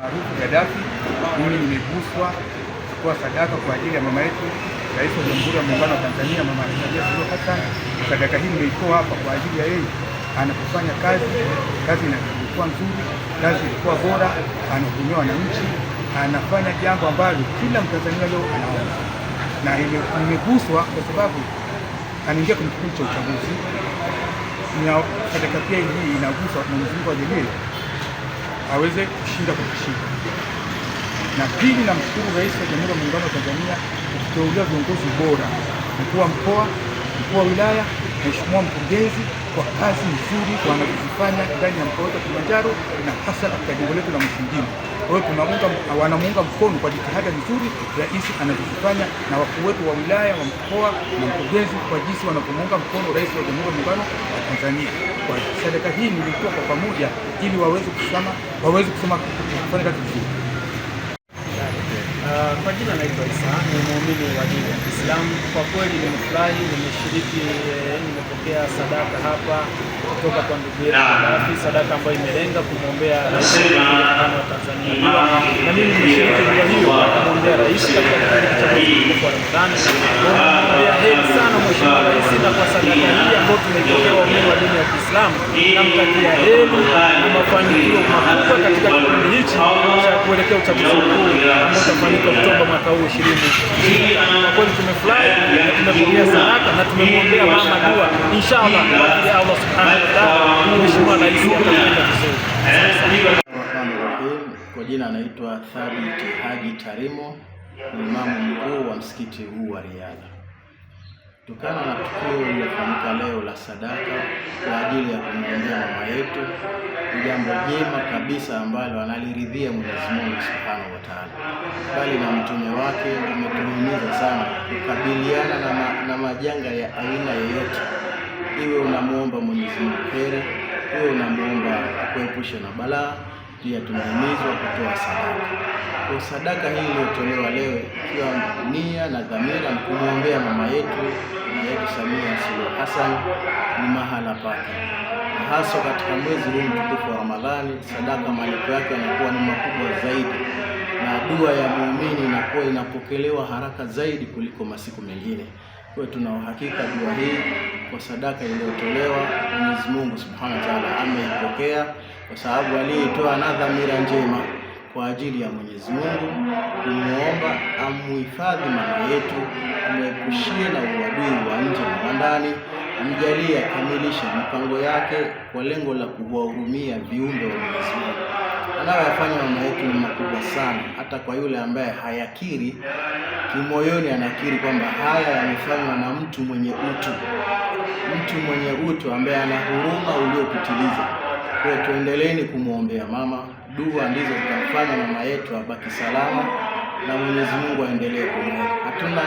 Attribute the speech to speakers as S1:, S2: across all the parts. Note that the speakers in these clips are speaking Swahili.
S1: maarufu Gaddafi. Mimi nimeguswa kutoa sadaka kwa ajili ya mama yetu Rais wa Jamhuri ya Muungano wa Tanzania, Mama Samia Suluhu Hassan. Sadaka hii nimeitoa hapa kwa ajili ya yeye anapofanya kazi, kazi ilikuwa nzuri, kazi ilikuwa bora, anahudumia wananchi, anafanya jambo ambalo kila Mtanzania leo anaona, na nimeguswa kwa sababu anaingia kwenye kipindi cha uchaguzi. Sadaka pia hii inagusa na mzunguko wa jamii aweze kushinda kwa kushinda. Na pili, namshukuru Rais wa Jamhuri ya Muungano wa Tanzania kututeulia viongozi bora, mkuu wa mkoa, mkuu wa wilaya, Mheshimiwa mkurugenzi kwa kazi nzuri wanazozifanya ndani ya mkoa wetu wa Kilimanjaro na hasa katika jimbo letu la Mufindini. Kwa hiyo tunaunga wanamuunga mkono kwa jitihada nzuri rais anazozifanya na wakuu wetu wa wilaya wa mkoa na mkurugenzi kwa jinsi wanavyomuunga mkono rais wa Jamhuri ya Muungano wa Tanzania. Kwa sadaka hii nilitoa kwa pamoja ili waweze kusema waweze kusema kufanya kazi vizuri.
S2: Eh, kwa jina naitwa Isa, ni muumini wa dini ya Kiislamu. Kwa kweli nimefurahi, nimeshiriki, eh, nimepokea sadaka hapa kutoka kwa ndugu yetu Gaddafi, sadaka ambayo imelenga kumwombea rais wa Tanzania, na mimi nimeshiriki dua hiyo kumwombea rais katika kipindi Ramadhani. Naombea heri sana mheshimiwa rais, na kwa sadaka hii ambayo tumepokea waumini wa dini ya Kiislamu, namtakia heri na mafanikio makubwa katika kuelekea uchaguzi mkuu utafanyika Oktoba mwaka huu ishirini. Kwa kweli tumefurahi, tumetumia sadaka na tumemwombea mama dua, inshallah ya Allah subhanahu wa taala, mheshimiwa rais atafanya vizuri.
S3: Kwa jina anaitwa Thabit Haji Tarimo, ni imamu mkuu wa msikiti huu wa Riyadha kutokana na tukio lililofanyika leo la sadaka kwa ajili ya kumwombea mama yetu, ni jambo jema kabisa ambalo analiridhia Mwenyezi Mungu Subhanahu wa Ta'ala, bali na mtume wake umetuhimiza sana kukabiliana na, ma, na majanga ya aina yoyote, iwe unamwomba Mwenyezi Mungu heri, iwe unamwomba kuepusha na balaa. Pia tunahimizwa kutoa sadaka kwa sadaka hii iliyotolewa leo ikiwa nia na dhamira ni kumwombea mama yetu mama yetu Samia Suluhu Hassan ni mahala pake, na hasa katika mwezi huu mtukufu wa Ramadhani, sadaka malipo yake yanakuwa ni makubwa zaidi, na dua ya muumini inakuwa inapokelewa haraka zaidi kuliko masiku mengine. Kwa hiyo tuna uhakika dua hii kwa sadaka iliyotolewa, Mwenyezi Mungu Subhanahu wa Ta'ala ameipokea, kwa sababu aliyetoa na dhamira njema kwa ajili ya Mwenyezi Mungu, kumwomba amuhifadhi mama yetu, amuepushie na uadui wa nje na ndani, amjalie akamilishe mipango yake kwa lengo la kuwahurumia viumbe wa Mwenyezi Mungu. Anayoyafanya mama yetu ni makubwa sana, hata kwa yule ambaye hayakiri kimoyoni, anakiri kwamba haya yamefanywa na mtu mwenye utu, mtu mwenye utu ambaye ana huruma uliopitiliza. Kwa hiyo tuendeleeni kumwombea mama, dua ndizo zitamfanya mama yetu abaki salama na Mwenyezi Mungu aendelee kumweka. Hatuna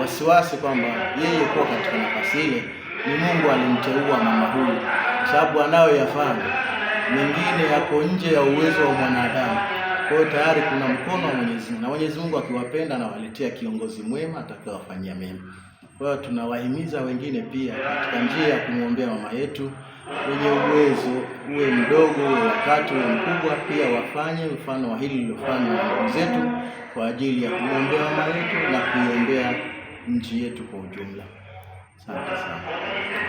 S3: wasiwasi kwamba yeye kuwa katika nafasi ile ni Mungu alimteua mama huyu, kwa sababu anayoyafanya mengine yako nje ya uwezo wa mwanadamu. Kwa hiyo tayari kuna mkono wa Mwenyezi Mungu, na Mwenyezi Mungu akiwapenda anawaletea kiongozi mwema atakayowafanyia mema. Kwa hiyo tunawahimiza wengine pia katika njia ya kumwombea mama yetu wenye uwezo, uwe mdogo uwe wakati uwe mkubwa, pia wafanye mfano wa hili lilofanywa na ndugu zetu kwa ajili ya kumwombea mama yetu na kuiombea nchi yetu kwa ujumla. Asante sana.